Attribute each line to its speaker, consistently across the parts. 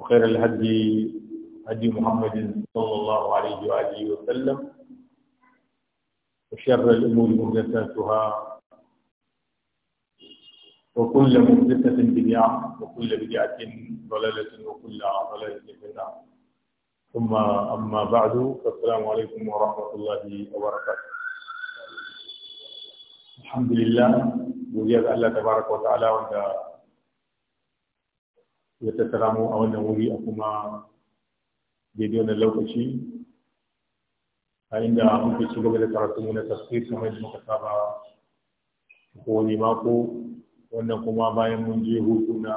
Speaker 1: وخير الهدي هدي محمد صلى الله عليه وآله وسلم وشر الأمور مهدساتها وكل مهدسة بدعة وكل بدعة ضلالة وكل ضلالة في النار ثم أما بعد فالسلام عليكم ورحمة الله وبركاته الحمد لله وجزاك الله تبارك وتعالى وأنت ya tattara mu a wannan wuri a kuma daidai wannan lokaci a inda muke ci gaba da karatu mu na tafsir kamar yadda muka saba kowane mako wannan kuma bayan mun je hutu na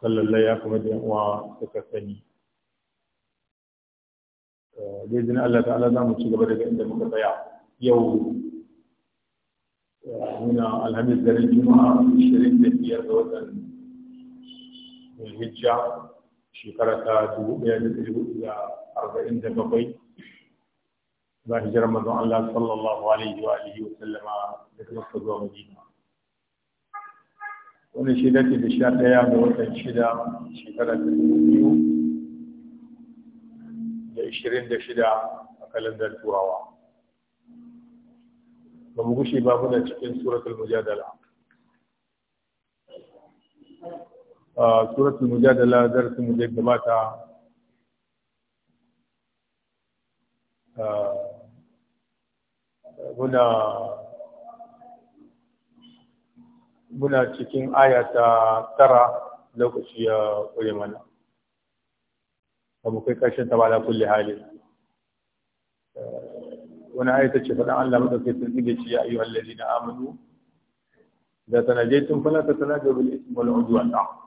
Speaker 1: sallallahu ya kamar da uwa suka sani eh, da izinin Allah ta'ala za mu ci gaba daga inda muka tsaya yau eh, muna alhamis garin juma'a 25 ga watan Hijja shekara ta dubu ɗaya da ɗari hudu da arba'in da bakwai za hijirar mazan Allah sallallahu alaihi wa alihi wa sallama da kuma zuwa Madina Wani shi dace da sha ɗaya da watan shida shekara ta dubu biyu da ishirin da shida a kalandar turawa ba mu gushe ba da cikin suratul mujadala suratul mujadala darasin mu da gabata muna cikin aya tara lokaci ya ƙure mana ba mu kai ƙarshen ta ba da kulle hali wani aya ce faɗin Allah maɗaukakin tsige a yi ayyuhal ladina amanu da sanadai tun fala ta sanadai bil ismi wal udwan na'am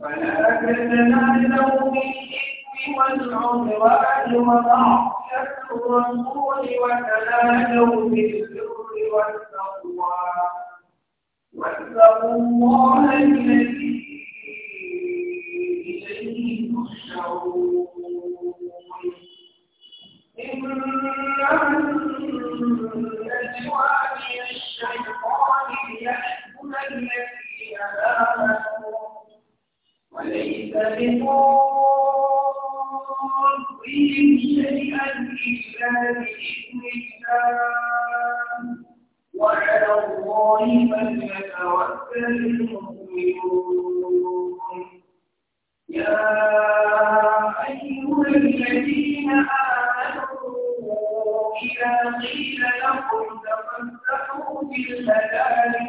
Speaker 1: ولا تجعل له
Speaker 2: بالإثم والعدوان ومعصية الرسول وتنادوا بالبر والتقوى واتقوا إليه تحشرون إن النجوى من الشيطان ليحكم الذين آمنوا وليس بضارهم شيئا إلا بإذن الله وعلى الله فليتوكل المؤمنون يا أيها الذين آمنوا إذا قيل لكم تفسحوا في المدارس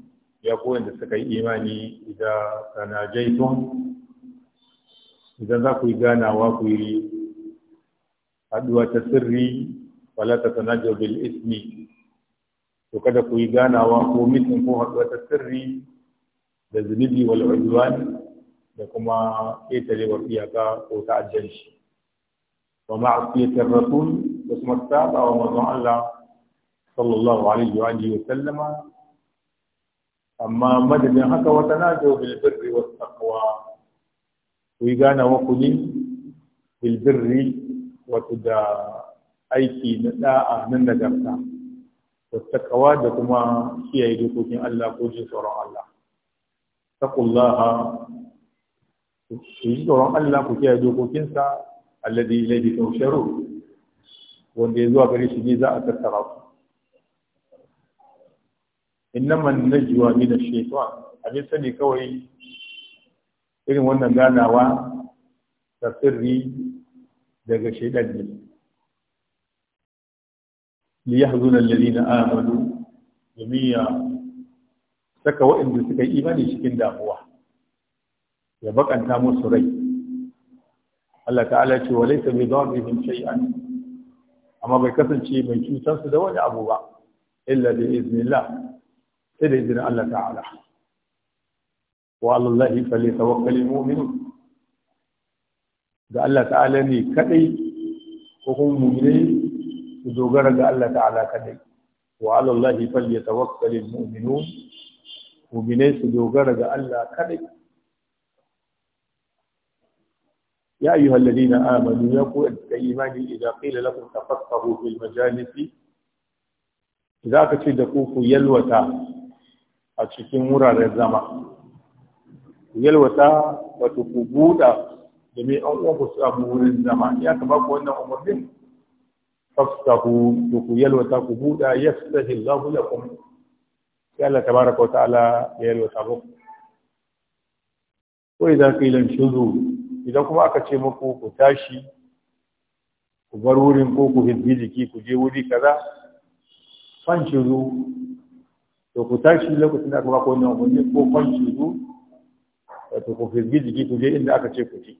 Speaker 1: ya koyan da suka yi imani idan jaiton idan za ku yi ganawa ku yi haduwa ta sirri wala ta tanajau bil ismi to kada ku yi ganawa ko mitin ko haduwa ta sirri da zunubi wal udwan da kuma wa iyaka ko ta'ajjan shi wa ma'asiyatir rasul da kuma saba wa manzon Allah sallallahu alaihi wa sallama amma madadin haka wata na jo bil birri was taqwa ku yi gana wa kuni bil birri da aiki na da'a nan da garta. Wasu takawa da kuma kiyaye dokokin Allah ko jin tsoron Allah taqullaha ku yi tsoron Allah ku kiyaye dokokinsa alladhi ilayhi tusharun wanda ya zuwa gare shi ne za a tattara ku innama najwa min ash-shaytan abin sani kawai irin wannan ganawa ta sirri daga shaidan ne li yahzuna alladhina amanu jami'a saka waɗanda suka yi imani cikin damuwa ya bakanta musu rai Allah ta'ala ce wa laysa bi dharbihim shay'an amma bai kasance mai cutar su da wani abu ba illa bi iznillah sai da izinin Allah ta'ala wa allallahi falle tawakkalin mu'minin ga Allah ta'ala ne kadai ko kuma mu'minai su dogara ga Allah ta'ala kadai wa allallahi falle tawakkalin mu'minun mu'minai su dogara ga Allah kadai يا أيها الذين آمنوا يقول الإيمان إذا قيل لكم تفقهوا في المجالس za ka ce da kuku yalwata a cikin wuraren zama yalwata wato ku buɗa da mai an uwan ku abu wurin zama ya ka ku wannan umarnin fafsahu to ku yalwata ku buɗa yastahi da kuma, sai Allah ta baraka wata Ala ya yalwata ba ko idan ka ilan shuzu idan kuma aka ce maku ku tashi ku bar wurin ko ku hiddi jiki ku je wuri kaza fan shuzu to ku tashi lokacin da aka bako ku wannan umarni ko kwanci ku to ku firgi jiki ku je inda aka ce ku ci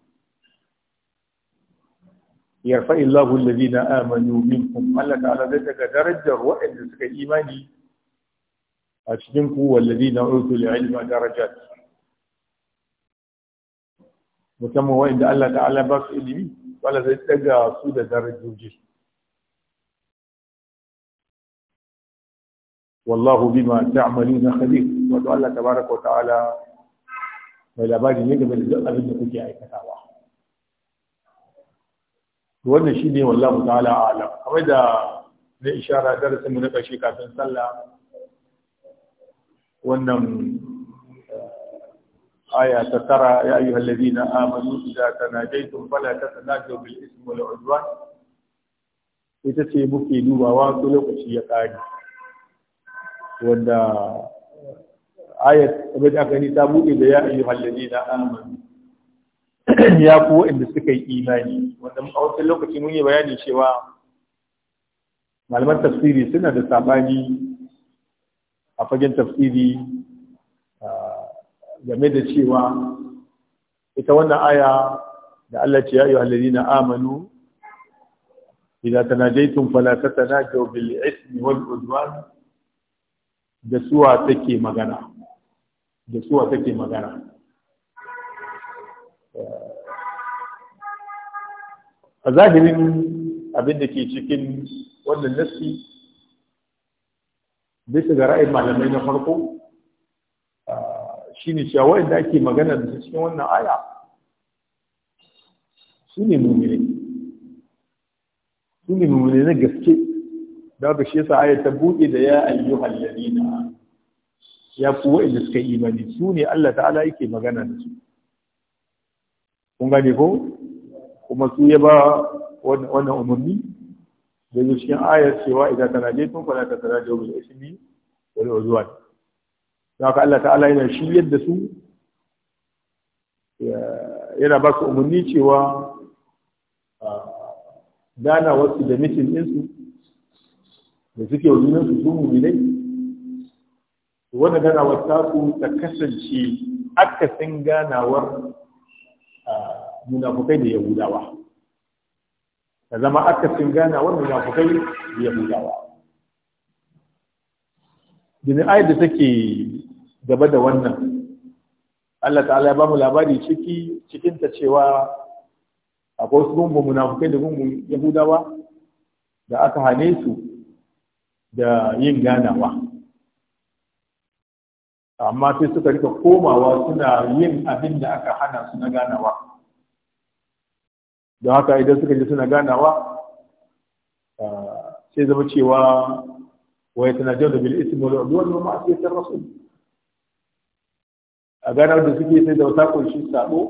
Speaker 1: yarfa illahu alladhina amanu minkum Allah ta'ala zai daga darajar waɗanda suka imani a cikin ku walladhina utul ilma darajat musamman waɗanda Allah ta'ala ba su ilimi wala zai daga su da darajoji wallahu bima ta'maluna khabir wato Allah tabaraka wa ta'ala mai labari ne game da duk abin da kuke aikatawa wannan shi ne wallahu ta'ala alam kamar da na darasin darasinmu na ƙarshe kafin sallah wannan eh, ya ترى allazina amanu idza tanajaytum fala tatanajaw bil ismi wal udwan ita ce muke dubawa ko lokaci ya kare wanda ayat abin aka ni ta buɗe da ya ayyuhal ladina aman ya ku inda suka yi imani wanda a wancan lokaci mun yi bayani cewa malaman tafsiri suna da sabani a fagen tafsiri game da cewa ita wannan aya da Allah ce ya ayyuhal ladina amanu إذا تناجيتم فلا تتناجوا bil والعدوان da suwa take magana da suwa take magana a zahirin abin da ke cikin wannan nassi bisa ga ra'ayin malamai na farko shine cewa wanda ake magana da cikin wannan aya su ne mummune su ne mummune na gaske da shi yasa ayat ta buɗe da ya ayyuhal ladina ya ku da suka yi imani su ne Allah ta'ala yake magana da su kun gane ko kuma su ya ba wannan umarni da zuwa cikin ayar cewa idan tana je tun kwana ta tana da wani ismi wani uzuwan don haka Allah ta'ala yana shi yadda su yana ba su umarni cewa dana ah, wasu da mitin ɗinsu da suke wa junan su sun mu'minai wannan wata ku ta kasance akasin ganawar munafukai da yahudawa ta zama akasin ganawar munafukai da yahudawa Dini ayar da take gaba da wannan, Allah ta'ala ya ba mu labari ciki cikinta cewa akwai wasu gungun munafukai da gungun Yahudawa da aka hane su da yin ganawa amma sai suka rika komawa suna yin abin da aka hana su na ganawa don haka idan suka ji suna ganawa sai zama cewa wa ya jauda bil ismi wani udwan wa ma'siyatir rasul a ganar da suke sai da ta kunshi sabo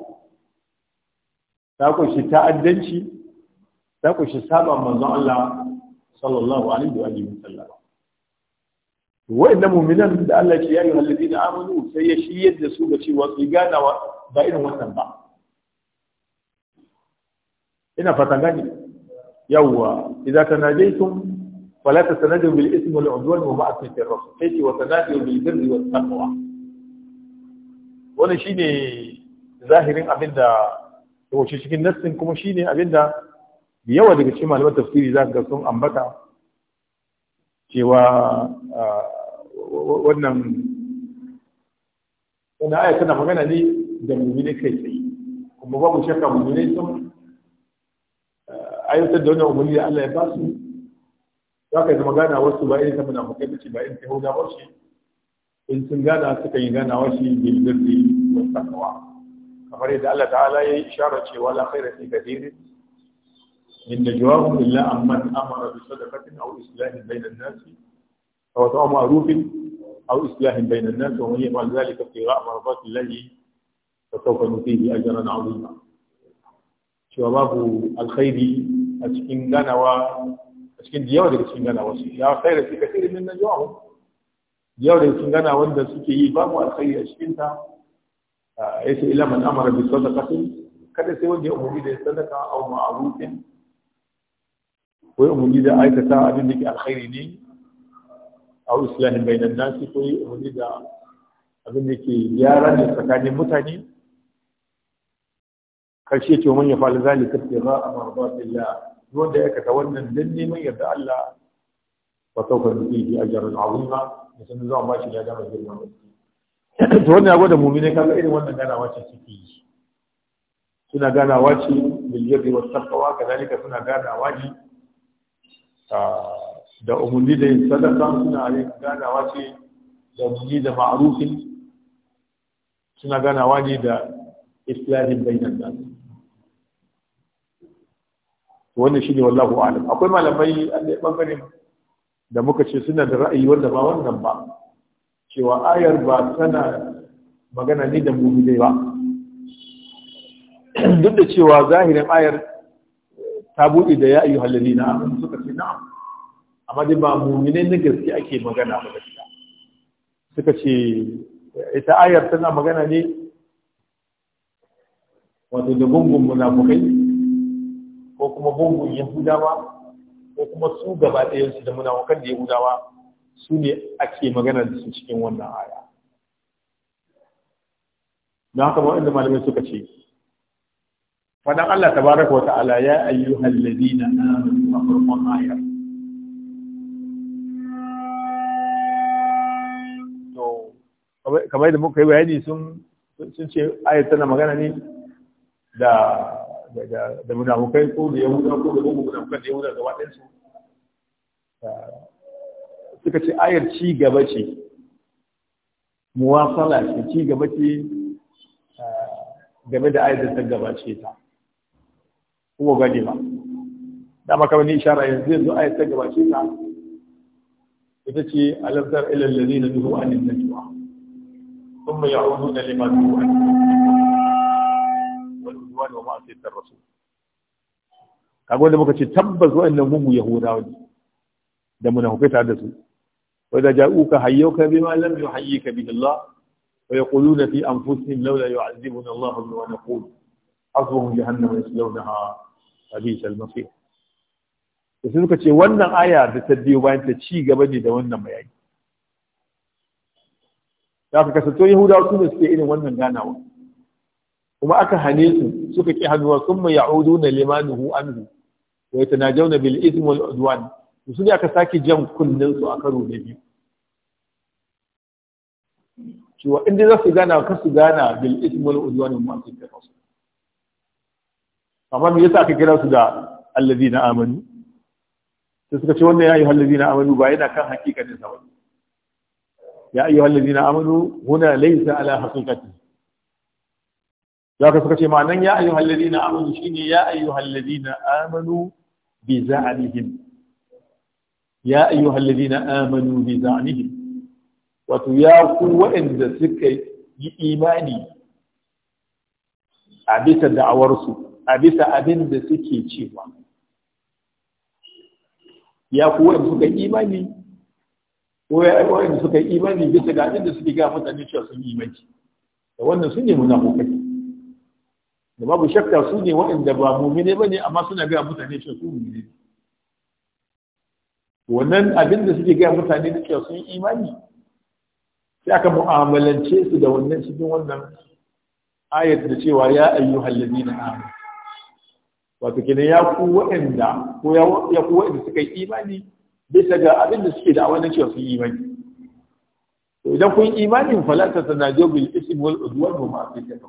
Speaker 1: ta kunshi ta'addanci ta kunshi saba manzon Allah صلى الله عليه وآله وسلم وإن مؤمنا من الله يا أيها الذين آمنوا سيشيد لسوبة وصيقانا بائن وسنبع إن فتنجي يوا إذا تناديتم فلا تتناجوا بالإثم والعدوان ومعصية الرسول حيث وتناجوا بالبر والتقوى wani shine zahirin abinda da wace cikin nassin kuma yawa daga cikin malaman tafsiri za ga sun ambata cewa wannan wannan aya tana magana ne da mummune kai tsaye kuma babu shakka mummune sun ayyukan da wannan umarni da Allah ya ba su za ka zama gana wasu ba irin ta munafukai ta ce ba irin ta yahuda ba shi in sun gana suka yi ganawa shi bil birri wa taqwa kamar yadda Allah ta'ala ya yi isharar cewa la khaira fi kathirin إن جواب إلا من أمر بصدقة أو إصلاح بين الناس أو طاعة معروف أو إصلاح بين الناس ومن يفعل ذلك ابتغاء مرضات الله فسوف نؤتيه أجرا عظيما شباب الخير أشكين و أشكين ديار أشكين غنوا يا خير في كثير من نجواهم ديار أشكين غنوا وند سكي بام الخير أشكين آه، إلا من أمر بصدقة كذا سيوجه أمور بصدقة أو معروف ko yi umarni da aikata abin da ke alkhairi ne a islahin nan nasi ko yi umarni da abin da ke gyara ne tsakanin mutane karshe ce ta ya fa'al a ibtigha mardatillah wanda ya aikata wannan dan neman yarda Allah wa sawfa da ajran a mutum zan ba shi da dama girma to wannan ya mummi ne kaga irin wannan ganawa ce suke yi suna ganawa ce bil wasu was taqwa kadalika suna ganawa ne Ah, da umarni da yin sadaka suna yin ganawa ce da umarni da ma'arufin suna ganawa ne da islahin bainan nan wannan shi ne wallahu alam akwai malamai an da ɓangaren da muka ce suna da ra'ayi wanda ba wannan ba cewa ayar ba tana magana ne da mu'minai ba duk da cewa zahirin ayar ta buɗe da ya yi halalli na suka ce na'am amma dai ba mu'minai na gaske ake magana ba gaskiya suka ce ita ayar tana magana ne wato da gungun munafukai ko kuma gungun yahudawa ko kuma su gaba ɗayansu da munafukan da yahudawa su ne ake magana da su cikin wannan aya don haka waɗanda malamai suka ce fadan Allah tabaraka wa ta'ala ya ayyuhal ladina amanu a farkon ayar to kamar da muka yi bayani sun sun ce ayar tana magana ne da da munafukai ko da yahudawa ko da munafukan da yahudawa gaba ɗayan su suka ce ayar ci gaba ce muwafala ce ci gaba ce eh, game da ayar da ta gabace ta kuma gani ba dama kamar ni ishara yanzu yanzu ayat ta gabace ta ita ce alafdar ila alladhina nuhu anin najwa thumma ya'uduna lima nuhu an wal udwan wa ma'siyat ar-rasul kaga wanda muka ce tabbas wa'annan mugu yahudawa ne da munafikai tare da su wa da ja'uka hayyuka bima lam yuhayyika bihi Allah wa yaquluna fi anfusihim laula yu'adhibuna Allah bima naqul hasbuhum jahannam yaslawnaha abisa al-masih da sai suka ce wannan aya da ta biyo bayan ta ci gaba ne da wannan bayani da aka kasanto yahudawa su ne suke irin wannan ganawa kuma aka hane su suka ki hannuwa sun mai ya'udu na limanuhu anhu wa yatanajawna bil ism wal udwan su ne aka sake jan kunnen su a karo na biyu cewa inda za su gana kan su gana bil ism wal udwan mu a cikin kasuwa. amma me yasa aka kira su da allazina amanu sai suka ce wannan ya yi ayyuhal ladina amanu ba yana kan hakikanin sa bane ya ayyuhal ladina amanu huna laisa ala haqiqati zaka suka ce ma'anan ya ayyuhal ladina amanu shine ya ayyuhal ladina amanu bi za'nihim ya ayyuhal ladina amanu bi za'nihim wato ya ku waɗanda suka yi imani a bisa da'awarsu a bisa abin da suke cewa ya kuwa da suka imani ko ya da suka imani bisa ga abin da suke ga mutane cewa sun imani da wannan su ne munafukai da babu shakka su ne waɗanda ba mumine ba ne amma suna gaya mutane cewa su yi ne wannan abin da suke gaya mutane da cewa sun imani sai aka mu'amalance su da wannan cikin wannan ayat da cewa ya ayyuhal ladina amanu wato kenan ya ku waɗanda ko ya ku wa'anda suka yi imani bisa ga abin da suke da wannan cewa sun yi imani to idan kun yi imanin falata ta najo bil ism wal udwan wa ma'afiyat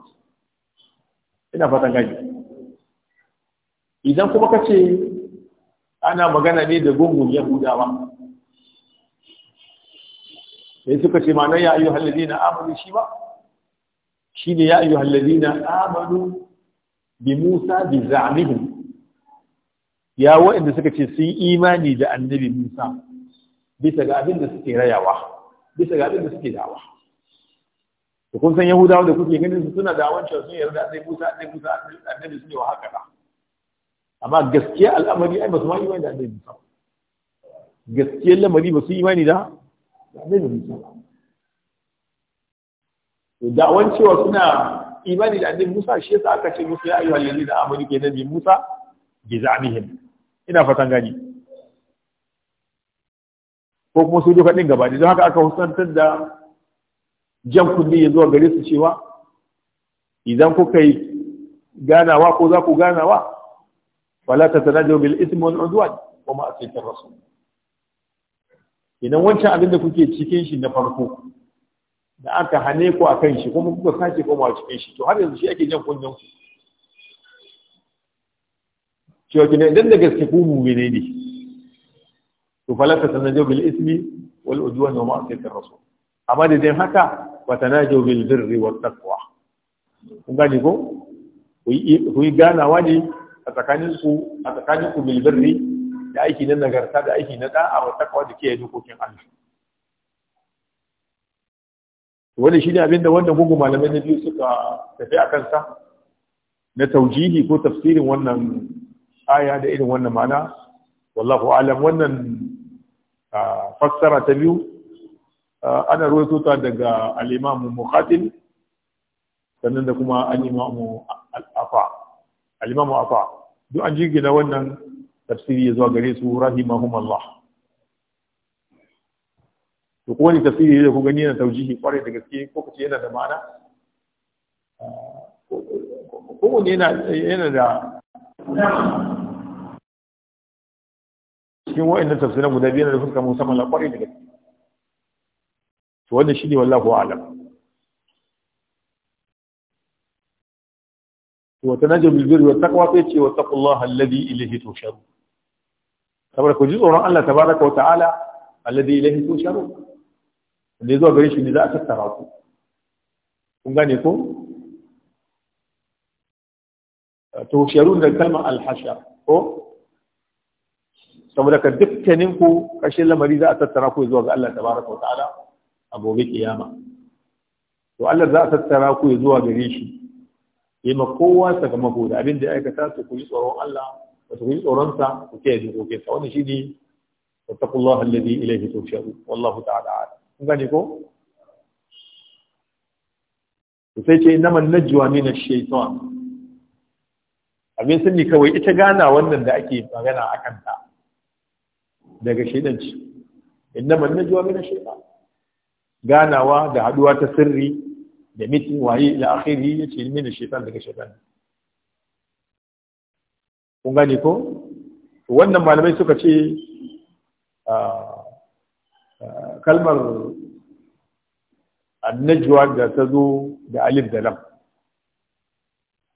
Speaker 1: ina fata gani idan kuma kace ana magana ne da gungun yahudawa sai suka ce ma ya ayyuhal ladina amanu shi ba shine ya ayyuhal ladina amanu bi Musa bi za'mihim ya wa'inda suka ce sun imani da annabi Musa bisa ga abin da suke rayawa bisa ga abin da suke dawa to kun san Yahudawa da kuke ganin su suna da wancan sun yarda sai Musa sai Musa annabi Sun yi wa haka amma gaskiya al'amari ai ba su ma imani da annabi Musa gaskiyar lamari ba su imani da annabi Musa Da wancewa suna imani da annabi Musa shi yasa aka ce musu ya ayyuha allazina amanu ke nabi Musa bi za'mihim ina fatan gani ko kuma su duka din gaba don haka aka husantar da jan kunni ya zuwa gare su cewa idan kuka yi ganawa ko za ku ganawa ta tanajo bil ismi wal udwan wa ma asita rasul idan wancan abin da kuke cikin shi na farko da aka hane ku a kan shi kuma kuka sake koma cikin shi to har yanzu shi ake jan kunyan ku cewa ne idan da gaske ku mu ne ne to falaka tanajo bil ismi wal udwan wa ar rasul amma da dai haka wa tanajo bil birri wat taqwa kun gane ko ku yi ganawa ne a tsakanin ku a tsakanin ku bil birri da aiki na nagarta da aiki na da'a wa taqwa da kiyaye dokokin Allah wani ne abinda wannan gugu malamai na biyu suka tafi a kansa na taujihi ko tafsirin wannan aya da irin wannan mana wallahu alam wannan fassara ta biyu ana ruwa sota daga alimamu sannan da kuma alimamu afa alimamu afa duk an jirgina wannan tafsiri ya zuwa gare su rahimahumallah Allah to ko wani tafsiri da ku gani yana taujihi kwarai da gaske ko kace yana da ma'ana ko wani yana da cikin wa'annan tafsirin guda biyu da fuska musamman la kwarai da gaske to wannan shine wallahu a'lam wa tanajju bil birri wat taqwa sai ce wa taqullaha alladhi ilayhi tusharun saboda ku ji tsoron Allah tabaraka wa ta'ala da zuwa gare shi ne za a tattara ku kun gane ko to sharu da kalmar alhasha. ko saboda ka dukkanin ku kashin lamari za a tattara ku zuwa ga Allah tabaraka wa ta'ala a gobe kiyama to Allah za a tattara ku zuwa gare shi yi ma kowa sakamako da abin da ya aikata to ku yi tsoron Allah da ku yi tsoron sa ku kiyaye dokokin sa wannan shine wattaqullaha alladhi ilayhi tusharun wallahu ta'ala a'lam gane ko sai ce na man najwa min ash-shaytan abin sani kawai ita gana wannan da ake magana a kanta daga shaidanci inna man najwa min ash-shaytan ganawa da haduwa ta sirri da mitin waye da akhiri yace min ash-shaytan daga shaidan kun gane ko wannan malamai suka ce ah, kalmar annajwa da ta zo da alif da lam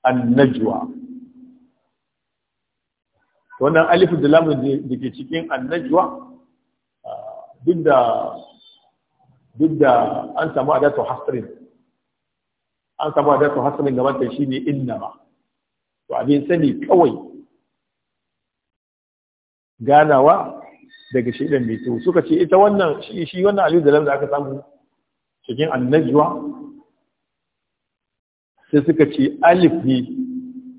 Speaker 1: annajwa wannan alif da lam da ke cikin annajwa duk da duk da an samu adatu hasrin an samu adatu hasrin gaban ta shine innama to abin sani kawai ganawa daga shaidan mai to suka ce ita wannan shi wannan alif da lam aka samu cikin annajwa sai suka ce alif ne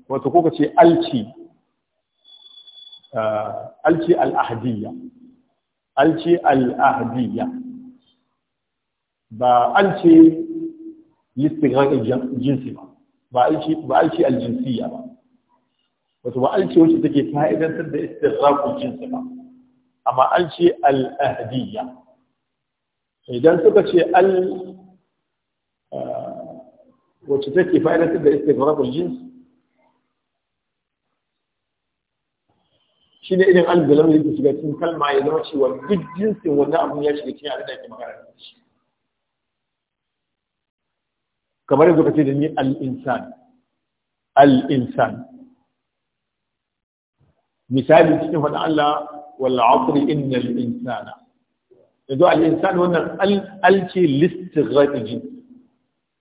Speaker 1: wato ko ka ce alci ah, alci al'ahadiyya. alci al'ahadiyya, ba alci listighan jinsi ba ba alci ba alci ba wato ba alci wacce take fa'idantar da istighraqul jinsi ba amma an ce al-ahdiyya idan suka ce al eh, wacce take fa'idatar da istighraqul jins shine irin alzalam da yake shiga cikin kalma ya zama cewa duk jinsin wannan abun ya shiga cikin abin da ake magana da shi kamar yadda ce da ni al-insan al-insan misali cikin faɗin Allah wal asri innal insana yanzu al insan wannan al ce listighraqi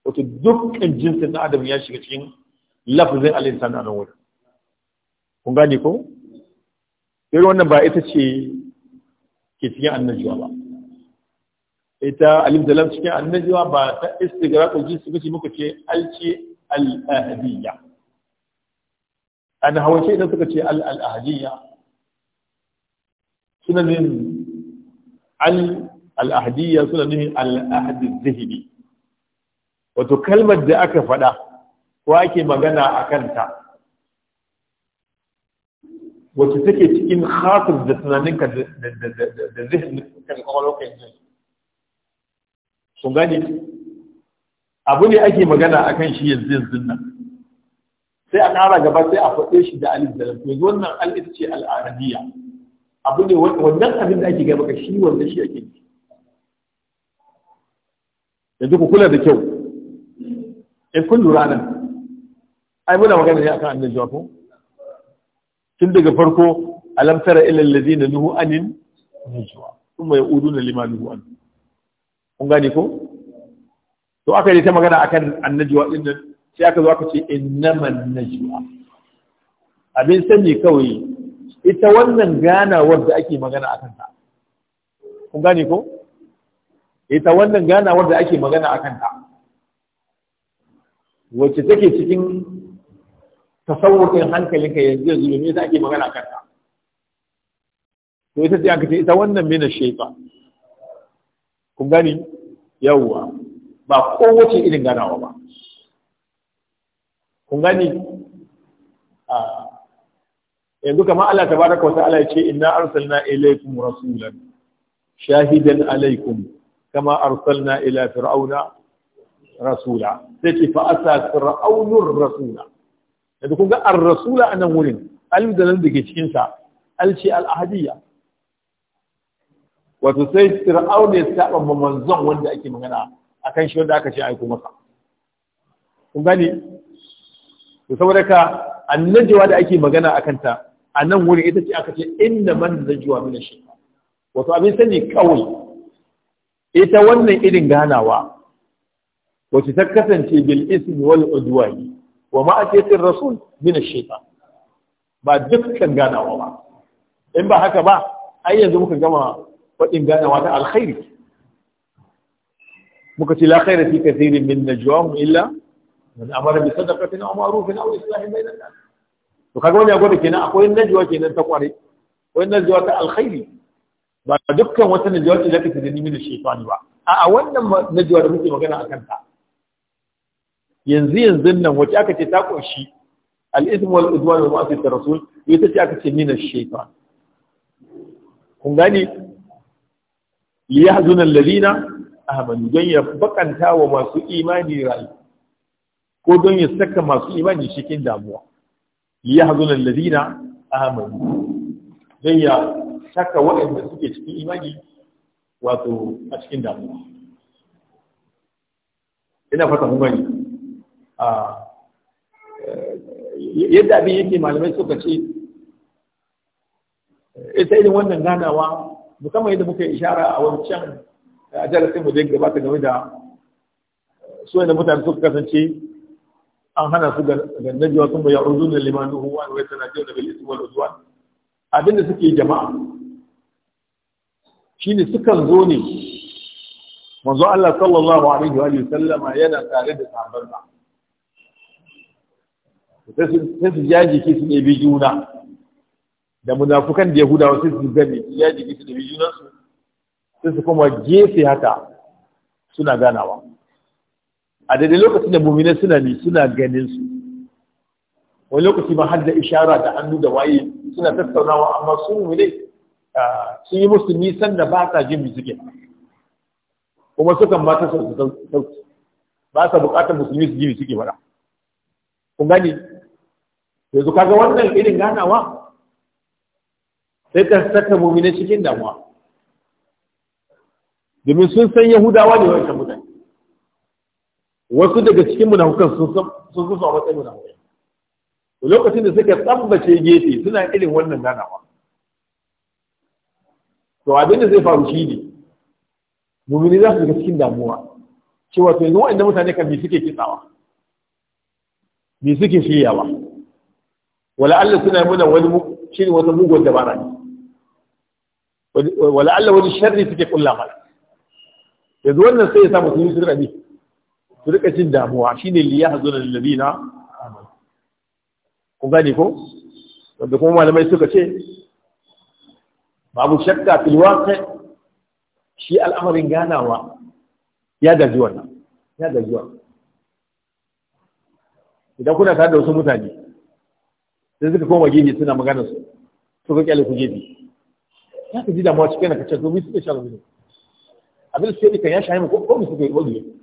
Speaker 1: wato dukkan jinsin na adam ya shiga cikin lafazin al insan a nan wurin kun gane ko sai wannan ba ita ce ke cikin annajuwa ba ita alif da lam cikin ba ta ce ce idan suka ce al suna nufin al suna nufin al'ahadin zahiri wato kalmar da aka faɗa ko ake magana a kanta wacce take cikin hatar da tunaninka da zihin kan kwakwalwakan jin sun gane abu ne ake magana a kan shi yanzu yanzu nan sai a ƙara gaba sai a faɗe shi da alif da lafi wannan alif ce al'adiyya abu ne wannan abin da ake gaya maka shi wanda shi ake yi yanzu ku kula da kyau in kun lura nan ai muna magana ne akan annabi ko tun daga farko alam tara ila alladhina nuhu anin najwa kuma na lima nuhu an kun gane ko to aka yi ta magana akan annajwa din nan sai aka zo aka ce innaman najwa abin sani kawai ita wannan ganawar da ake magana a kanta, kun gane ko ita wannan ganawar da ake magana a kanta, wacce take cikin tasawurin hankalinka yanzu yanzu domin ita ake magana a kanta? to ita ce aka ce ita wannan mena shefa kun gani yawwa ba kowace irin ganawa ba kun gani ah. yanzu kamar Allah ta tabaraka wa ta'ala ya ce inna arsalna ilaykum rasulan shahidan alaykum kama arsalna ila fir'auna rasula sai ce fa asa fir'aunur rasula yanzu kun ga ar-rasula a nan wurin almudalan da ke cikin sa alci al-ahadiyya wato sai fir'aun ya saba ma manzon wanda ake magana akan shi wanda aka ce aiko masa kun gani to saboda ka annajwa da ake magana akan ta a nan wuri ita ce aka ce inda man da najwa min shi wato abin sani kawai ita wannan irin ganawa wace ta kasance bil ismi wal udwani wa ma ake atiyatir rasul min ash ba dukkan ganawa ba in ba haka ba ai yanzu muka gama wadin ganawa ta alkhairi muka ce la khaira fi kathirin min najwahum illa man amara bi sadaqatin aw ma'rufin aw islahin bainan nas to kaga wani ya gwada kenan akwai najiwa kenan ta kware akwai najiwa ta alkhairi ba dukkan wata najiwa ce zaka tada nimin nimi da shaytani ba a'a wannan najiwa da muke magana akan ta yanzu yanzu nan wace aka ce ta koshi al-ithm wal udwan wa ta rasul ita ce aka ce nimin ash-shaytan kun li liyahzuna alladhina amanu don ya bakanta wa masu imani rai ko don ya saka masu imani cikin damuwa liyahzuna alladhina amanu dan ya saka waɗanda suke cikin imani wato a cikin damuwa ina fata mun gani a yadda abin yake malamai suka ce sai irin wannan ganawa musamman yadda muka ishara a wancan a darasin mu da gabata game da su da mutane suka kasance an hana su ga najuwa sun bayan uzun da liman nuhu wa wai tana jiya da bai ismu wani zuwa abinda suke jama'a shine sukan zo ne manzo Allah sallallahu alaihi wa sallama yana tare da sahabban sa sai su jaji jiki su ɗebi juna da munafukan da yahudawa sai su gane ya jiki su ɗebi junansu sai su kuma gefe haka suna ganawa a daidai lokacin da muminai suna ne suna ganin su wani lokaci ma har da ishara da hannu da waye suna tattaunawa amma su mummina sun yi musu nisan da ba sa jin suke kuma sukan ma ta sauki ba sa bukatar musulmi su ji suke fara kun gani yanzu kaga wannan irin ganawa sai ka saka muminai cikin damuwa domin sun san yahudawa ne wancan wasu daga cikin munafukan sun sun a matsayin munafukai lokacin da suka tsambace gefe suna irin wannan ganawa to abin da zai faru shi ne mumini za su daga cikin damuwa cewa to yanzu waɗanda mutane kan me suke kitsawa me suke shiryawa wala Allah suna muna wani shirin wata mugun dabara ne wala Allah wani sharri suke kulla mana yanzu wannan sai ya samu su yi su rabi su rika jin damuwa shine na yahzuna na ku gani ko wadda kuma malamai suka ce babu shakka filwa kai shi al'amarin ganawa ya gaji wannan ya gaji wannan idan kuna tare da wasu mutane sai suka koma gefe suna magana su suka kyale ku gefe ya ka ji damuwa cikin na kacce to suka sha rubutu abin da suke kan ya shayi mu ko mu suka yi wani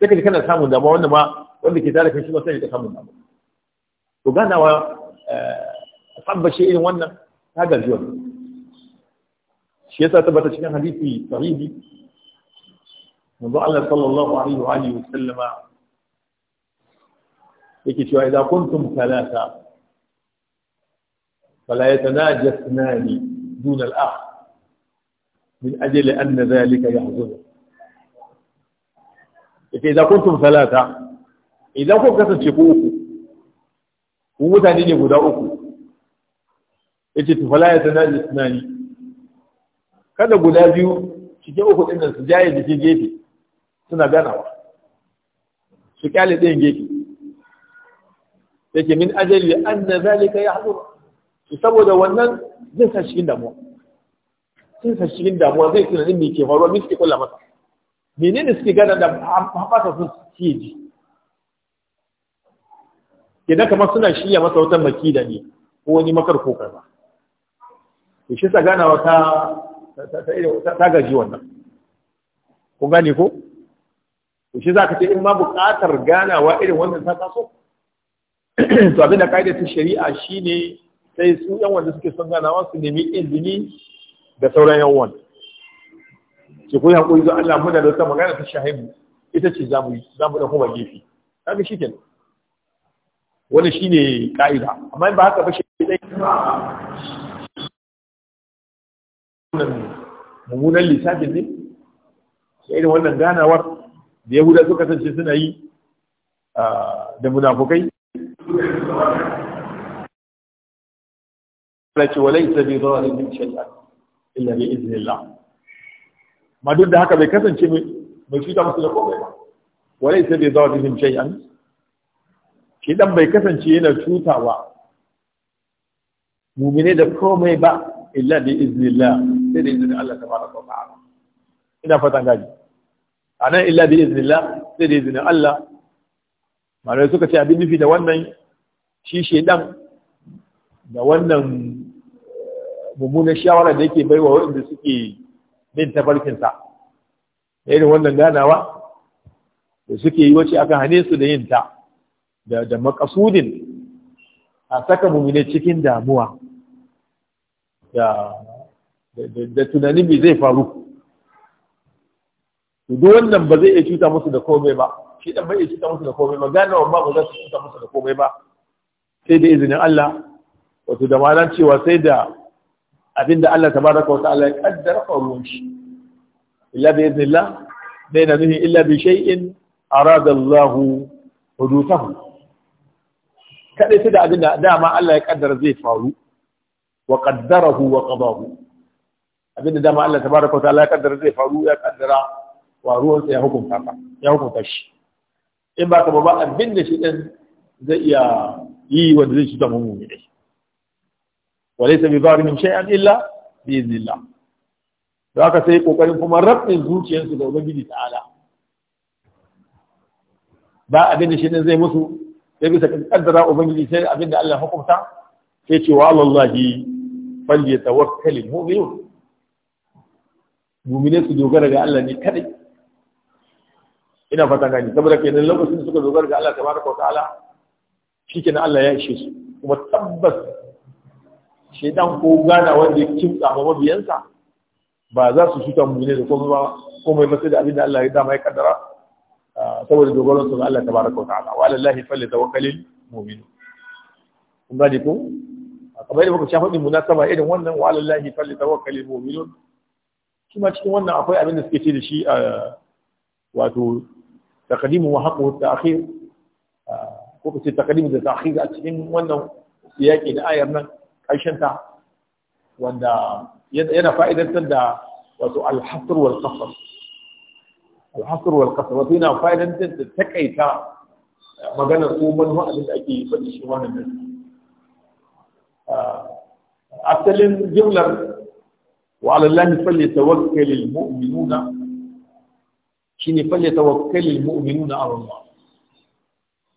Speaker 1: sai kaji kana samun damuwa wanda ma wanda ke tare kai shi ma sai ka samun damuwa to ganawa tabbace irin wannan ta gajiyar shi yasa tabbata cikin hadisi sahihi manzo Allah sallallahu alaihi wa alihi wasallama yake cewa idan kuntum talata fala yatanajasnani dun al-akh min ajli anna dhalika yahzunu ita idan kuntum salata idan ku kasance ku uku ku mutane ne guda uku yace to fala ya tana tunani. kada guda biyu cikin uku din nan su jaye cikin gefe suna ganawa su kyale ɗayan gefe yake min ajali anna zalika yahduru saboda wannan zai sa cikin damuwa sun sa cikin damuwa zai tunanin me ke faruwa me ke kula masa menene suke gana da hafasa sun suke ji idan kamar suna shirya masa wata da ne ko wani makar ko kaza to shi sa gana wata ta gaji wannan ko gane ko to shi ka ce in ma buƙatar ganawa irin wannan ta taso to abin da kaidar shari'a shine sai su yan wanda suke son ganawa su nemi izini da sauran yan wanda ki koyi hakuri don Allah muna da wata magana ta shahimu ita ce za mu yi za mu kuma gefe kaga shikenan wani shine ka'ida amma ba haka ba shi ne dai mummunan lissafin ne Sai da wannan ganawar da yahuda suka kasance suna yi da munafukai ce walai sabi zuwa da shay'an illa bi iznillah ma duk da haka bai kasance mai cuta musu da komai ba walai sai bai zawa bihim shay'an shi dan bai kasance yana cutawa mumine da komai ba illa bi iznillah sai da izinin Allah tabaraka wa ta'ala ina fatan gaji anan illa bi iznillah sai da izinin Allah malai suka ce abin nufi da wannan shi shedan da wannan mummunan shawara da yake baiwa waɗanda suke bin tafarkinsa irin wannan ganawa da suke yi wace aka hane su da yin ta da makasudin a saka mummune cikin damuwa da tunanin mai zai faru duk wannan ba zai iya cuta musu da komai ba shi ɗan bai iya cuta musu da komai ba ganawa ba ba za su cuta musu da komai ba sai da izinin Allah wato da ma cewa sai da abinda Allah tabaraka wa ta'ala ya kaddara faruwar shi illa bi idnillah bai na nuhi illa bi shay'in arada Allah hudutahu kadai sai da abinda dama Allah ya kaddara zai faru wa qaddarahu wa qadahu abinda dama Allah tabaraka wa ta'ala ya kaddara zai faru ya kaddara faruwar sa ya hukunta ka ya hukunta shi in ba ka ba abinda shi din zai iya yi wanda zai shi da mummuni wa laysa bi zalimin shay'an illa bi idhnillah to haka sai kokarin kuma rabin zuciyarsu ga ubangiji ta'ala ba abin da shi ne zai musu sai bisa kaddara ubangiji sai abin da Allah hukunta sai ce wa alallahi mu'mine su dogara ga Allah ne kadai ina fatan gani saboda kenan lokacin suka dogara ga Allah tabaraka wa ta'ala shikenan Allah ya ishe su kuma tabbas shaidan ko gana wanda ya kimtsa ma mabiyansa ba za su shuka mu ne da kuma ba kuma ba sai da abinda Allah ya dama ya kaddara ah, saboda dogaron sun Allah tabaraka wa ta'ala wa alallahi falyatawakkalul mu'min kun gane ko ah, kamar yadda muka sha na sama irin wannan wa alallahi falyatawakkalul mu'minun kuma cikin wannan akwai abin da suke ce da shi a ah, wato taqdimu wa haqqu ta'khir ko ce taqdimu da ta'khir a cikin wannan siyaki da ayar nan ta wanda yana fa'idantar da wato alhasr wal qasr alhasr wal qasr wato yana fa'idantar da takaita maganar ko manuwa abin da ake faɗi shi wannan da ah, asalin jimlar wa alallahi falle na mu'minuna shine falle tawakkalil mu'minuna ala Allah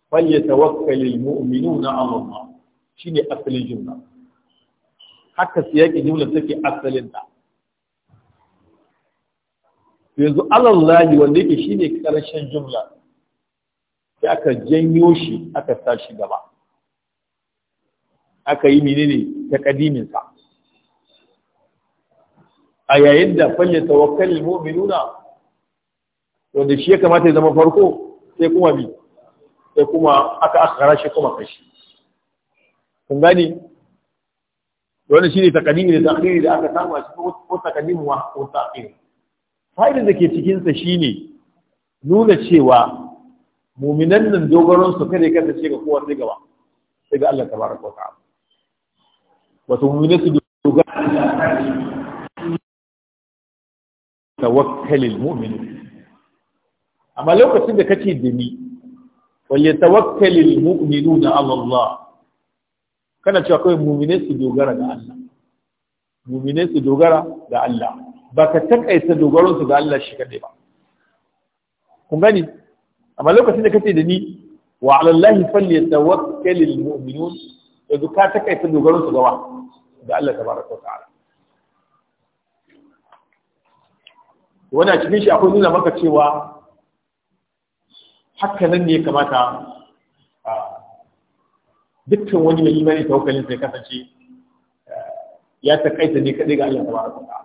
Speaker 1: falle tawakkalil mu'minuna ala Shi ne asalin jimlar haka siyaki jumla take asalin ta yanzu alallahi wanda yake shine karshen jumla sai aka janyo shi aka sa shi gaba aka yi menene ta kadimin sa a yayin da falle tawakkal mu'minuna wanda shi ya kamata ya zama farko sai kuma bi sai kuma aka akhara shi kuma kashi kun gani Wani shi ne takadimi da ta'khiri da aka samu a cikin ko taqdimi wa ko ta'khiri fa'idar da ke cikinsa shi ne nuna cewa mu'minan nan dogaron su kada ya ce ga kowa sai gaba sai ga Allah tabaraka wa ta'ala wato mu'minan su dogaron tawakkalil mu'min amma lokacin da kace da ni wal yatawakkalil mu'minuna ala Allah kana cewa kawai mumine su dogara ga Allah mumine su dogara ga Allah ba ka takaita dogaron su ga Allah shi kadai ba kun gani amma lokacin da kace da ni wa ala Allah falyatawakkalul mu'minun yanzu ka takaita dogaron su ga wa ga Allah tabaraka wa ta'ala wannan cikin shi akwai nuna maka cewa haka nan ne ya kamata dukkan wani mai imani tawakkalin sai kasance ya takaita ne kadai ga Allah tabaraka wa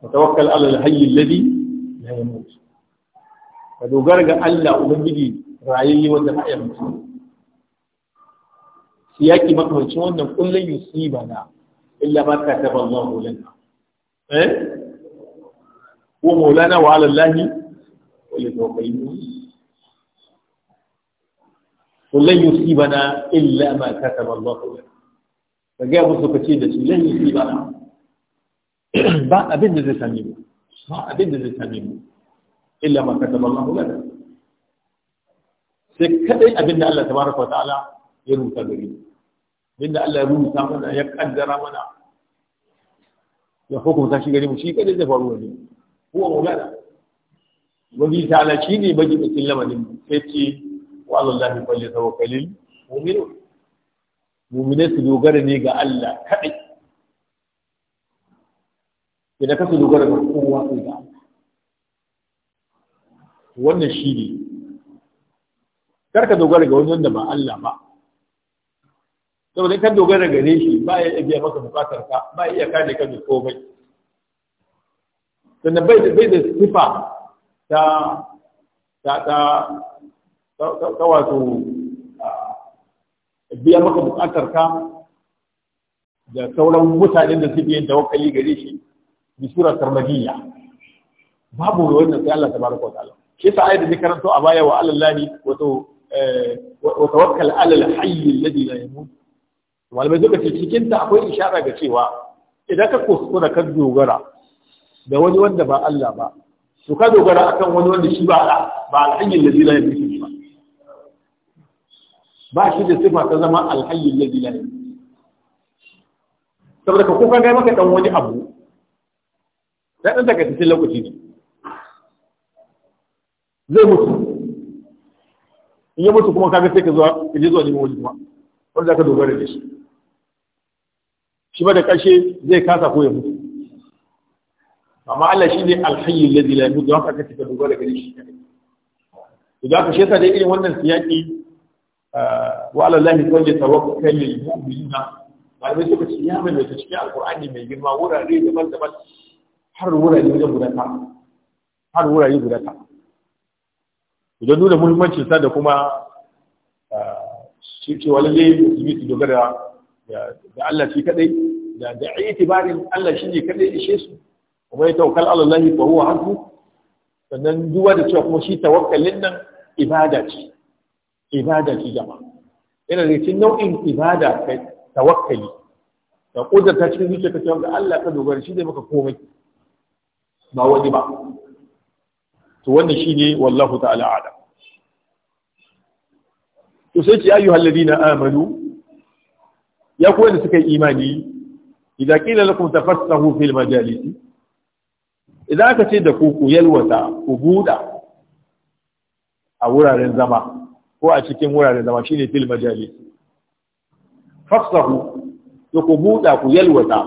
Speaker 1: ta'ala tawakkal ala al-hayy alladhi la yamut ka dogara ga Allah ubangiji rayayye wanda ba ya mutu shi siyaki makamancin wannan kullun yusiba na illa ma kataba Allahu lana eh wa maulana wa ala allahi wa li tawakkalin kullum yusibana illa ma kataba Allahu lana ka ga musu ka ce da su lan yusibana ba abin da zai sami mu ba abin da zai sami mu illa ma kataba Allahu lana sai kadai abin da Allah tabaraka wa ta'ala ya rubuta gare mu abin da Allah ya rubuta mana ya kaddara mana ya hukunta shi gare mu shi kadai zai faru ne huwa maulana wani ta'ala shi ne baki da lamarin sai ce wa alallahi falyatawakkalul mu'minu mu'mine su dogara ne ga Allah kaɗai? idan ka su dogara ga kowa sai ga Allah wannan shi ne karka dogara ga wani wanda ba Allah ba saboda kan dogara gare shi ba ya iya biya maka bukatar ka ba ya iya kare ka da komai sannan bai da bai da sifa ta ta ta ka wato biya maka bukatar ka da sauran mutanen da suke yin tawakkali gare shi bi sura tarmadiyya babu nan sai Allah tabaraka wa ta'ala shi yasa ayatu da karanto a baya wa alallahi wato eh, wa tawakkal ala al-hayy alladhi la yamut malamai bai ce cikin ta akwai ishara ga cewa idan ka kuskura ka dogara da wani wanda ba Allah ba to ka dogara akan wani wanda shi ba ba al-hayy alladhi la yamut ba ba shi da sifa ta zama alhayyul ladhi la saboda ka kuka ga maka dan wani abu Sai dan daga cikin lokaci ne zai mutu in ya mutu kuma ga sai ka zuwa ka je zuwa neman wani kuma wanda ka dogara da shi shi ba da ƙarshe zai kasa ko ya mutu amma Allah shi ne alhayyul ladhi la yamut don haka ka dogara da shi idan da ka shesa da irin wannan siyaki wa ala lahi kulli tawakkalil mu'minina malamai suka ce ya mai ta cikin alkur'ani mai girma wurare daban-daban har wurare guda ta har wurare guda ta idan nuna muhimmancin sa da kuma cewa lalle musulmi su dogara da Allah shi kadai da da itibarin Allah shi ne kadai ishe su kuma ya tawakkal ala Allah fa huwa hasbu sannan duwa da cewa kuma shi tawakkalin nan ibada ce ibada shi jama'a yana da cikin nau'in ibada kai tawakkali da ta cikin zuciya ka cewa ga Allah ka dogara shi zai maka komai ba wani ba to wannan shine wallahu ta'ala a'lam to sai ce ayyuhal ladina amanu ya ku wanda suka yi imani idza qila lakum tafassahu fil majalisi idan ka ce da ku ku yalwata ku buda a wuraren zama ko a cikin da zama shine fil majalis fasahu to ku buɗa ku yalwata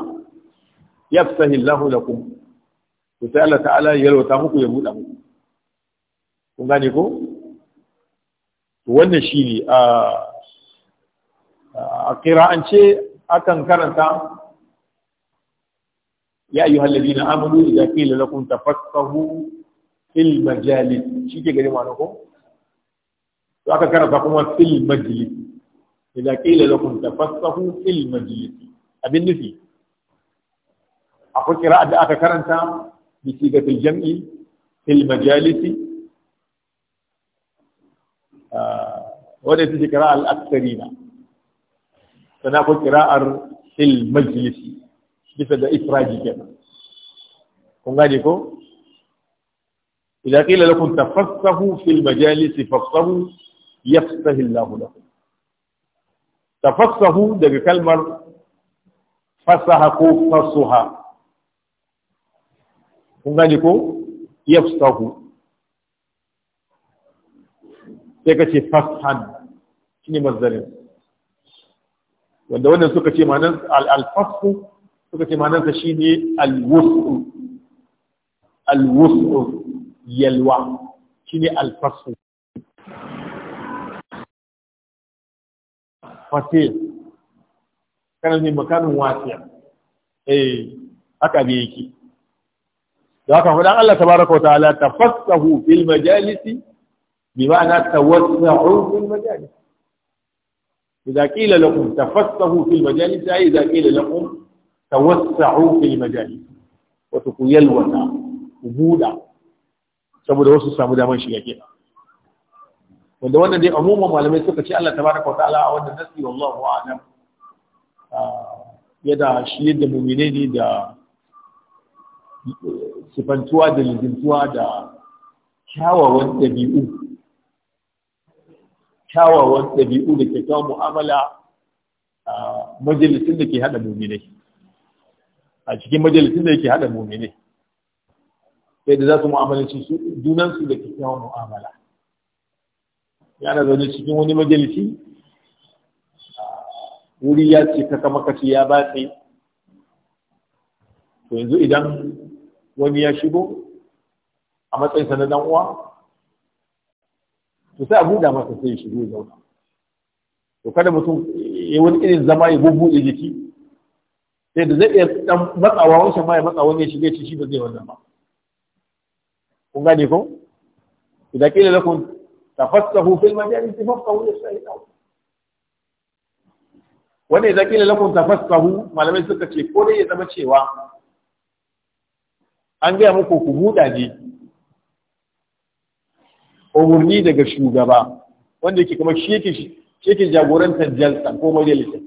Speaker 1: yafsahi Allahu lakum to sai Allah ta'ala yalwata muku ya buɗa muku kun gane ko to wannan shine a a qira'ance akan karanta ya ayyuhal ladina amanu idza qila lakum tafaqahu fil majali. shi ke gari ma ko to aka karanta kuma fil majlis idza qila lakum tafassahu fil majlis abin nufi akwai qira'a da aka karanta bi sigatil jam'i fil majalisi ah, wadda ita ce kira'ar aksarina sana ko kira'ar fil majalisi bisa da ifraji kenan kun gane ko idan qila lakum tafassahu fil majalisi fafsahu yafsahillahu lahu tafassahu daga kalmar fasaha ko fasuha kun gani ko yafsahu sai ka ce fashan shine mazdarin wanda wannan suka ce ma'anar al-fashu suka ce ma'anarsa shine al-wus'u al-wus'u yalwa shine al-fashu fasir kana ne makanin wasiya eh haka bi yake da haka fadan Allah tabaraka ta'ala tafassahu fil majalisi bi ma'ana tawassahu fil majalisi idza qila lakum tafassahu fil majalisi. ay idza qila lakum tawassahu fil majalisi. wa ku yalwata ku saboda wasu samu damar shiga kenan wanda wannan dai umuman malamai suka ce Allah tabaraka wa ta'ala a wannan nasi wallahu a'lam ah, da shi yadda mu'mine ne da eh, sifantuwa da lizintuwa da kyawawan ɗabi'u kyawawan ɗabi'u da ke kawo mu'amala a majalisin da ke haɗa mumine a cikin majalisin da yake haɗa mumine sai da za su mu'amalanci dunansu da ke kyakkyawan mu'amala yana zaune cikin wani majalisi wuri ya ce ka kama ya batse to yanzu idan wani ya shigo a matsayinsa na dan uwa to sai a buɗa masa sai ya shigo ya zauna to kada mutum ya wani irin zama ya bubbuɗe jiki sai da zai iya dan matsawa wancan ma ya matsa wani ya shige shi ba zai wannan ba kun gane ko idan kila lakum tafassahu في majalis fafsahu للشيء wanda وإذا zaƙi لكم tafassahu malamai suka ce ko dai ya zama cewa an gaya muku ku buɗa ne umarni daga shugaba wanda yake kuma shi yake jagorantar jalsa ko majalisa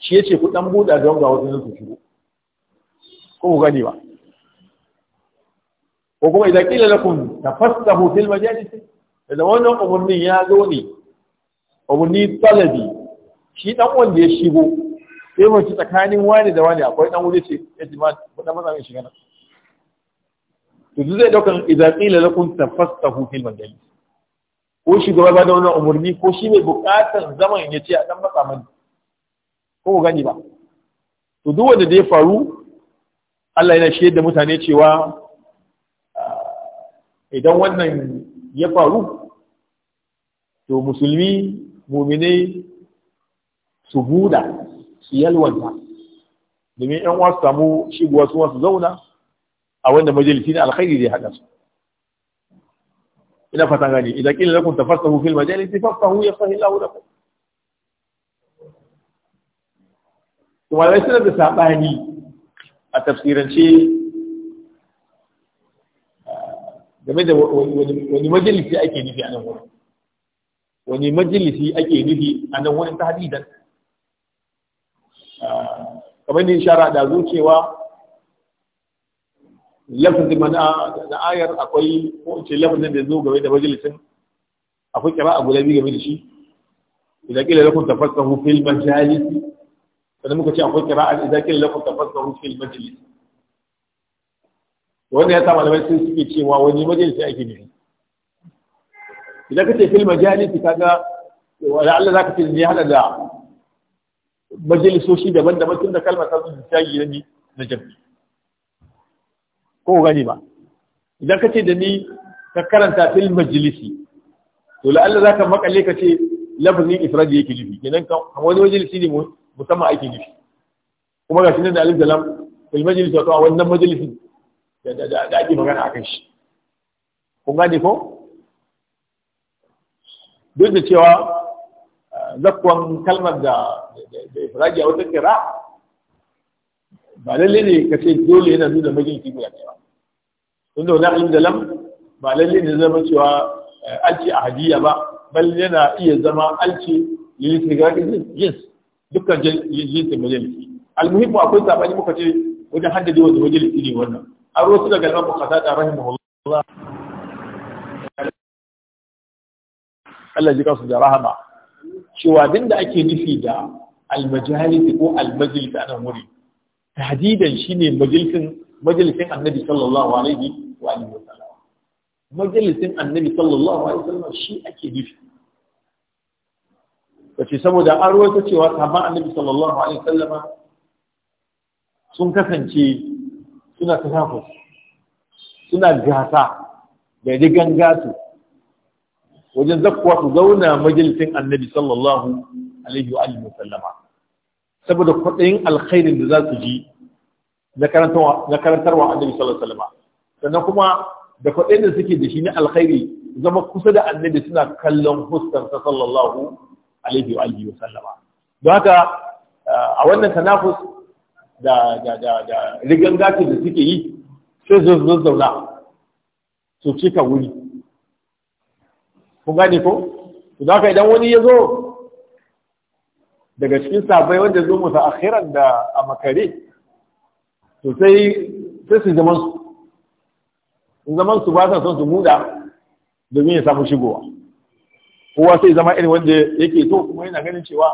Speaker 1: shi ya ce ku ɗan buɗa don ga wasu su shigo ko ku gani ba ko kuma idan lakum tafassahu fil majalisi da wannan umarnin ya zo ne umarni talabi shi dan wanda ya shigo sai mace tsakanin wani da wani akwai dan wuri ce ya ji ma kuɗa maza mai shiga nan to duk zai daukan idza qila lakum tafastahu fil majalis ko shi gaba da wannan umarni ko shi mai buƙatar zaman ya ce a dan matsa mani ko ku gani ba to duk wanda da ya faru Allah yana da mutane cewa ah, idan wannan ya faru to musulmi muminai su buda su yalwanta domin yan wasu samu shigowa su wasu zauna a wanda majalisi na alkhairi zai haɗa su ina fata gani idan kila lakum hu fil majalisi hu ya Allahu lahu da ku kuma da saɓani a tafsirance eh, game da wani majalisi ake nufi a nan wurin wani majalisi ake nufi a nan wani tahdidan ah, kamar ne shara da zuciwa lafazin mana da ayar akwai ko ce lafazin da zo game da majalisin akwai kira a guda biyu game da shi idan kila lakum tafassahu fil majalisi sannan muka ce akwai kira a idan kila lakum tafassahu fil majalisi wanda ya sa malamai sun suke cewa wani majalisi ake nufi idan kace fil majalisi kaga wala Allah zaka ce ne hada da majalisoshi daban-daban tunda kalmar ta zuwa tagi na jami'i ko gani ba idan kace da ni ka karanta fil majalisi to la Allah zaka makale ka ce lafazin ifradi yake nufi kenan ka wani majalisi ne musamman ake nufi kuma ga shine da alif da lam fil majalisi wato a wannan majalisi da ake magana akan shi kun gane ko duk da cewa eh, zakon kalmar da Ibrahim a wata kira ba lalle ne ka ce dole yana nuna magin kibu ya cewa tun da wani da lam ba lalle ne zama cewa eh, alci a hadiya ba bal yana iya zama alci lilitin jins dukkan jinsin majalisi almuhimmu akwai sabani muka ce wajen haddade wajen majalisi ne wannan an rosu daga lamar bukata da rahimahullah Allah ji kansu da rahama cewa din da ake nufi da almajalisi ko almajalis a nan wuri tahdidan shine majalisin majalisin annabi sallallahu alaihi wa alihi wa sallam majalisin annabi sallallahu alaihi wa sallam shi ake nufi kace saboda an rawaito cewa sahabban annabi sallallahu alaihi wa sallam sun kasance suna tafafus suna gasa da rigan gasu wajen zakkuwa su zauna majalisin annabi sallallahu alaihi wa alihi sallama saboda kwaɗayin alkhairin da za su ji na karantarwa annabi sallallahu alaihi sallama sannan kuma da kwaɗayin da suke da shi na alkhairi zama kusa da annabi suna kallon fuskarsa sallallahu alaihi wa alihi sallama don haka a wannan tanafus da da da da rigan da suke yi sai zo zauna su cika wuri kun gane ko to haka idan wani ya zo daga cikin sabai wanda zo musu akhiran da a makare to sai sai su zaman su in zaman su ba sa son su muda domin ya samu shigowa kowa sai zama irin wanda yake to kuma yana ganin cewa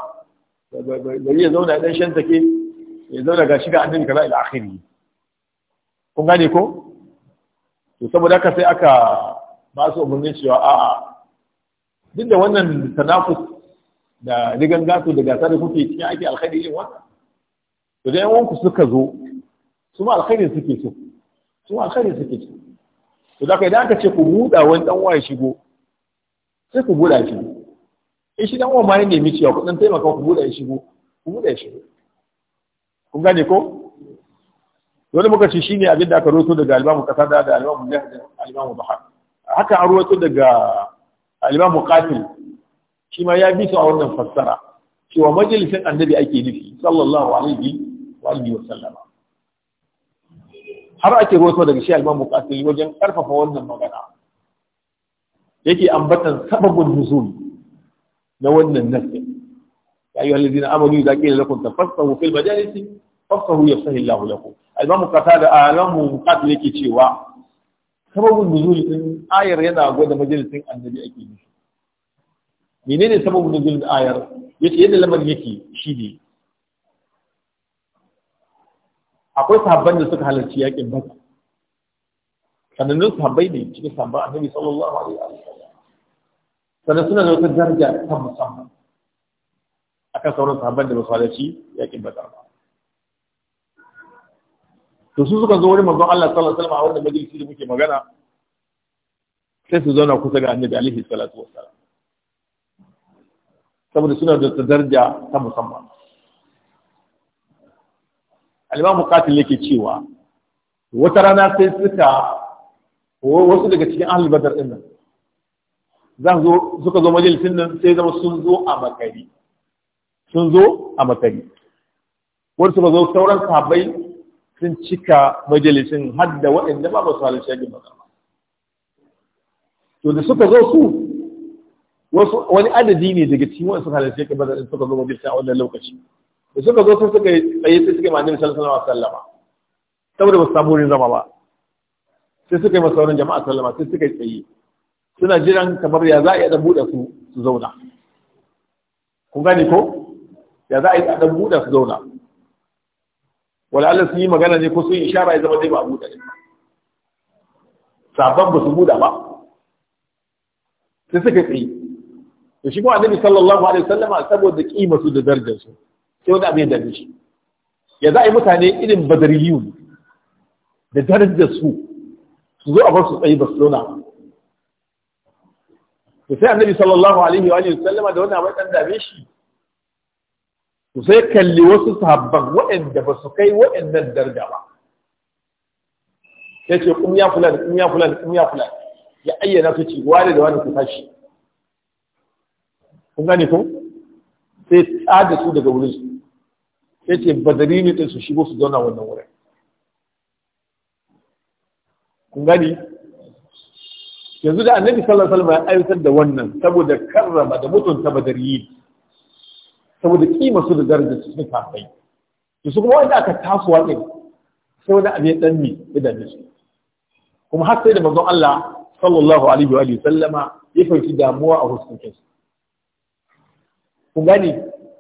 Speaker 1: bari ya zauna dan shan take ya zauna ga shiga annabi kaza ila akhiri kun gane ko to saboda haka sai aka ba su umarni cewa a'a duk da wannan tanafus da rigan gasu da gasa da kuke cikin ake alkhairi yin wata to dai yawanku suka zo su ma alkhairi suke so su ma alkhairi suke so to da idan aka ce ku buda wani dan waye shigo sai ku buda shi in shi dan uwa ma ne nemi cewa ku dan taimaka ku buda ya shigo ku buda ya shigo kun gane ko wani muka ce shine abin da aka roto daga albamu kasada da albamu jahar da albamu bahar haka an roto daga al-imam muqatil shi ma ya bi su a wannan fassara cewa majalisin annabi ake nufi sallallahu alaihi wa alihi wa sallama har ake rawaito daga shi al-imam muqatil wajen karfafa wannan magana yake ambatan sababun nuzul na wannan nasi ya ayyuhal ladina amanu idza qila lakum tafassahu fil majalisi fafsahu yafsahu Allahu lakum al-imam qatada alamu muqatil yake cewa sababin nuzul din ayar yana gwada majalisin annabi ake nufi menene sababin nuzul din ayar yace yadda lamarin yake shi ne akwai sahabban da suka halarci yakin baka sanannun sahabbai ne cikin sahabban annabi sallallahu alaihi wasallam sannan suna da wata daraja ta musamman akan sauran sahabban da ba su halarci yakin baka ba to su suka zo wurin manzon Allah sallallahu alaihi wasallam a wannan majalisi da muke magana sai su zauna kusa ga annabi alaihi salatu wasallam saboda suna da daraja ta musamman al-imam qatil yake cewa wata rana sai suka wasu daga cikin ahlul badar din nan za zo suka zo majalisin nan sai zama sun zo a makari sun zo a makari wani suka zo sauran sahabbai sun cika majalisin har da waɗanda ba ba su halarci ba badar to da suka zo su wasu wani adadi ne daga cikin wani halin halarci yakin badar suka zo majalisa a wannan lokaci da suka zo sun suka tsaye sai suka yi ma'anin sallallahu sallama saboda ba su samu wurin zama ba sai suka yi masaurin jama'a sallama sai suka yi tsaye suna jiran kamar ya za a yi ɗan buɗe su su zauna kun gane ko ya za a yi ɗan buɗe su zauna wala'alla sun yi magana ne ko sun yi ishara ya zama dai ba a buɗe sabon ba su buɗa ba sai suka tsaye da shi kuma annabi sallallahu alaihi wasallama saboda kima su da darajar su sai wani abin da shi ya za a yi mutane irin badariyu da darajar su su zo a bar su tsaye ba su zauna to sai annabi sallallahu alaihi wa da wani abin dan dame shi to sai kalli wasu sahabban waɗanda ba su kai waɗannan darga ba ya ce kum ya da kum ya da kum ya kula ya ayyana su ce wani da wani su tashi kun gane ko sai tsada su daga wurin su ya ce badari ne ɗin su shigo su zauna wannan wurin kun gani yanzu da annabi sallallahu alaihi wasallam ya aiwatar da wannan saboda karrama da mutunta badariyi saboda kima su da darajar su sun kafai to su kuma wanda aka tasowa din sai wani abin ya dan ne ya dame su kuma har sai da manzon Allah sallallahu alaihi wa sallama ya fahimci damuwa a hukuncin su Ku gani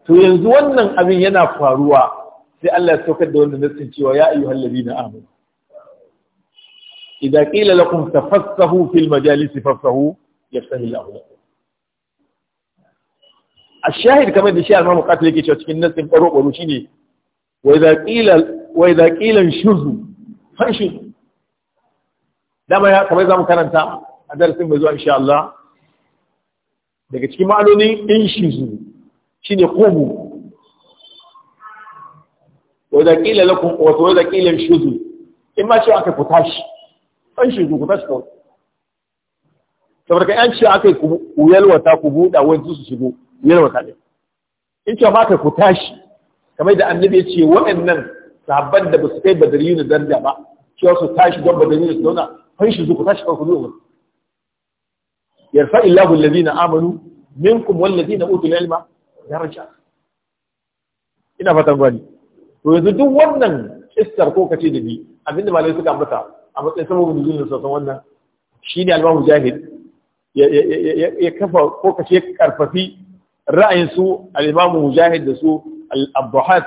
Speaker 1: to yanzu wannan abin yana faruwa sai Allah ya saukar da wannan nassin cewa ya ayyuhal ladina amanu idza qila lakum tafassahu fil majalisi fafsahu yafsahu Allah a كما kamar da shi al-mamu qatil yake cikin قيل وإذا قيل shine wa idza qila ya kamar zamu karanta a darasin mai zuwa insha Allah daga cikin ma'anonin in shuzu shine qumu wa idza qila lakum in ma ce aka fita shi an shuzu kawai saboda ku buɗa wani su shigo yana makalin in ce ba ka ku tashi kamar da annabi ya ce waɗannan sabbin da ba su kai badariyu da darja ba cewa su tashi don badariyu su zauna fanshi su ku tashi farko zuwa yarfa illahu allazina amanu minkum wallazina utul ilma daraja ina fatan gwani to yanzu duk wannan kissar ko kace da bi abinda malai suka ambata a matsayin sabon nuzulin sosan wannan shine ne imam Mujahid ya kafa ko kace karfafi ra'ayin su al-imamu mujahid da su al-abduhat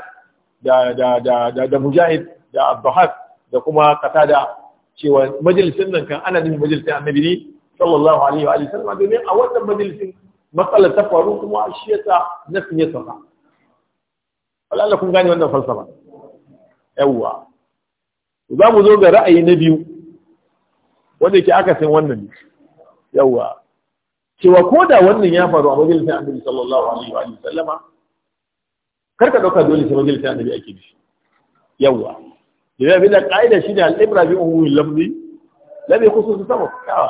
Speaker 1: da mujahid da abduhat da kuma qatada cewa majalisin nan kan ana nufin majalisin annabi ne sallallahu alaihi wa sallam domin a wannan majalisin matsalar ta faru kuma a shi yasa nasin ya saka Allah kun gane wannan falsafa yawwa za mu zo ga ra'ayi na biyu wanda yake akasin wannan yawwa cewa ko da wannan ya faru a majalisar annabi sallallahu alaihi wa sallama kar ka dauka dole sai majalisar annabi ake bi yawa da ya da kaida shi da al-ibra bi umumi lafzi la bi khusus sabab yawa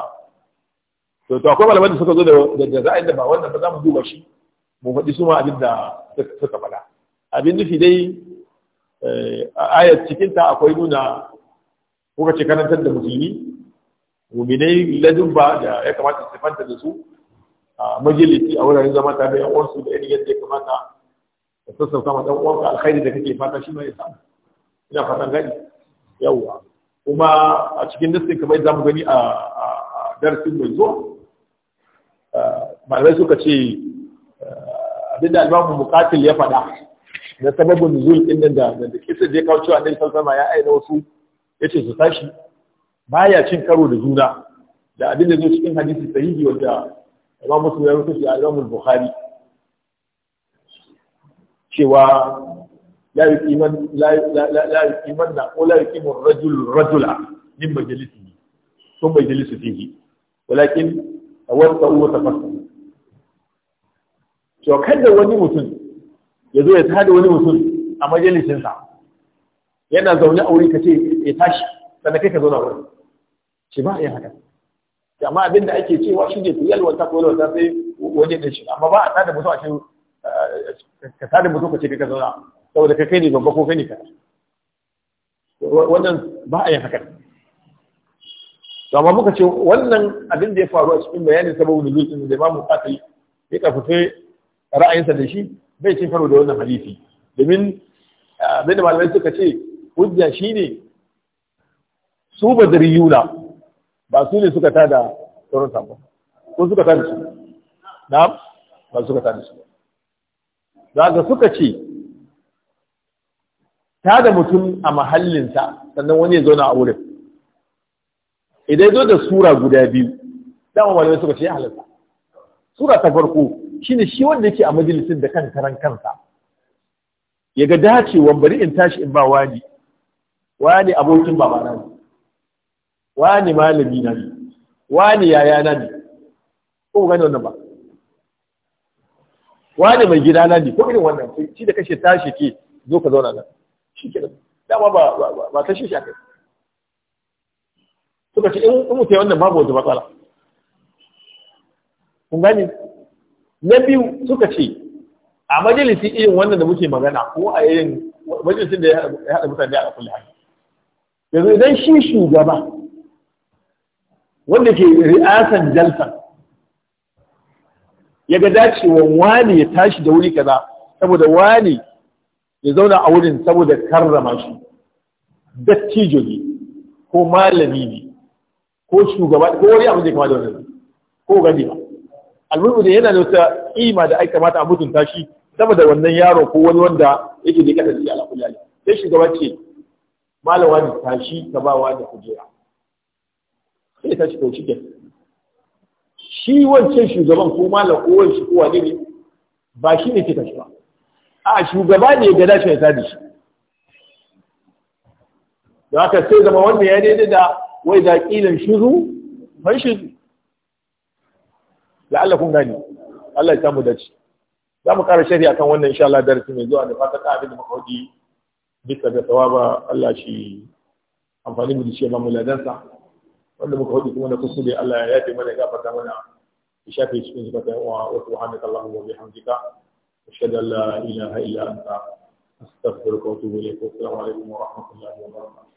Speaker 1: to to akwai malaman da suka zo da da za'in da ba wannan ba za mu duba shi mu faɗi su ma abinda suka faɗa abin nufi dai eh, a ayat cikin ta akwai nuna kuka ce karantar da musulmi muminai ladun ba da ya kamata su fanta da su majalisi a wuraren zama tare da yan uwansu da irin yadda ya kamata da sassauta ma dan uwanka alkhairi da kake fata shi ma ya samu ina fatan gani yawwa kuma a cikin nassin kamar za mu gani a darasin mai zuwa malamai suka ce abinda albamu bukatil ya faɗa na sababin zuwa ɗin nan da da kisa je kawo cewa annabi salsama ya aina wasu ya ce su tashi baya cin karo da juna da abin da zo cikin hadisi sahihi wanda imam muslim ya rubuta shi a imam bukhari cewa la yuqiman la la yuqiman na ko la yuqimu rajul rajula min majalisihi thumma yajlisu fihi walakin tawassau wa tafassahu to kada wani mutum ya zo ya tada wani mutum a majalisinsa yana zaune a wuri ka ce ya tashi sannan kai ka zauna wurin shi ba a yi haka amma abin da ake cewa shi ne ku yalwata ko yalwata sai waje da shi amma ba a tada mutum a cikin eh, ka tada mutum ka ce ka zauna saboda ka kai ne babba ko kai ne ka wannan ba a yi haka to amma muka ce wannan abin da ya faru a cikin bayanin sababin nuzulin da Imam Bukhari ya kafafe ra'ayinsa da shi bai cin karo da wannan hadisi domin eh, abin da malamai suka ce hujja shine su yula ba su ne suka tada sauran sabon ko suka tada su na ba suka tada su za ga suka ce tada mutum a mahallinsa sannan wani ya zauna a wurin idan zo da sura guda biyu dama malamai suka ce ya halatta sura ta farko shine shi wanda yake a majalisin da kan karan kansa ya ga dacewa bari in tashi in ba wani wani abokin babana ne wani malami na ne wani yaya na ne ko gani wannan ba wani mai gida na ne ko irin wannan shi da kashe tashi ke zo ka zauna nan shi ke dama ba ba kashe shi akai suka ce in mutu wannan babu wata matsala kun gani. na biyu suka ce a majalisi irin wannan da muke magana ko a yayin majalisin da ya haɗa mutane a kulle hali yanzu idan shi shugaba wanda ke ri'asan jalsa ya ga dacewa wani ya tashi da wuri kaza saboda wani ya zauna a wurin saboda karrama shi dattijo ne ko malami ne ko shugaba ko wani abu da kama da wani ko gani ba almuhimu da yana da wata kima da ai kamata a mutunta shi saboda wannan yaro ko wani wanda yake da kasance ala kulli sai shugaba ce malama ne tashi ka ba wa da kujera sai ta shi cikin. shi wancan shugaban ko malam ko wani shi ko ne ba shi ne ke tashi ba a shugaba ne ga dace ya sadi shi da aka sai zama wanda ya daidai da wai da kilan shuru ban shi Allah kun gani Allah ya samu dace za mu ƙara shari'a kan wannan insha Allah darasi mai zuwa da fatan abin da makaudi bisa da tsawaba Allah shi amfani mu da shi ba mu ladansa wanda muka hudu kuma na da Allah ya yafe mana gafata mana ya shafe cikin zukatan wa wa subhanaka allahumma wa bihamdika ashhadu an la ilaha illa anta astaghfiruka wa atubu ilayk wa assalamu alaikum wa rahmatullahi wa
Speaker 2: barakatuh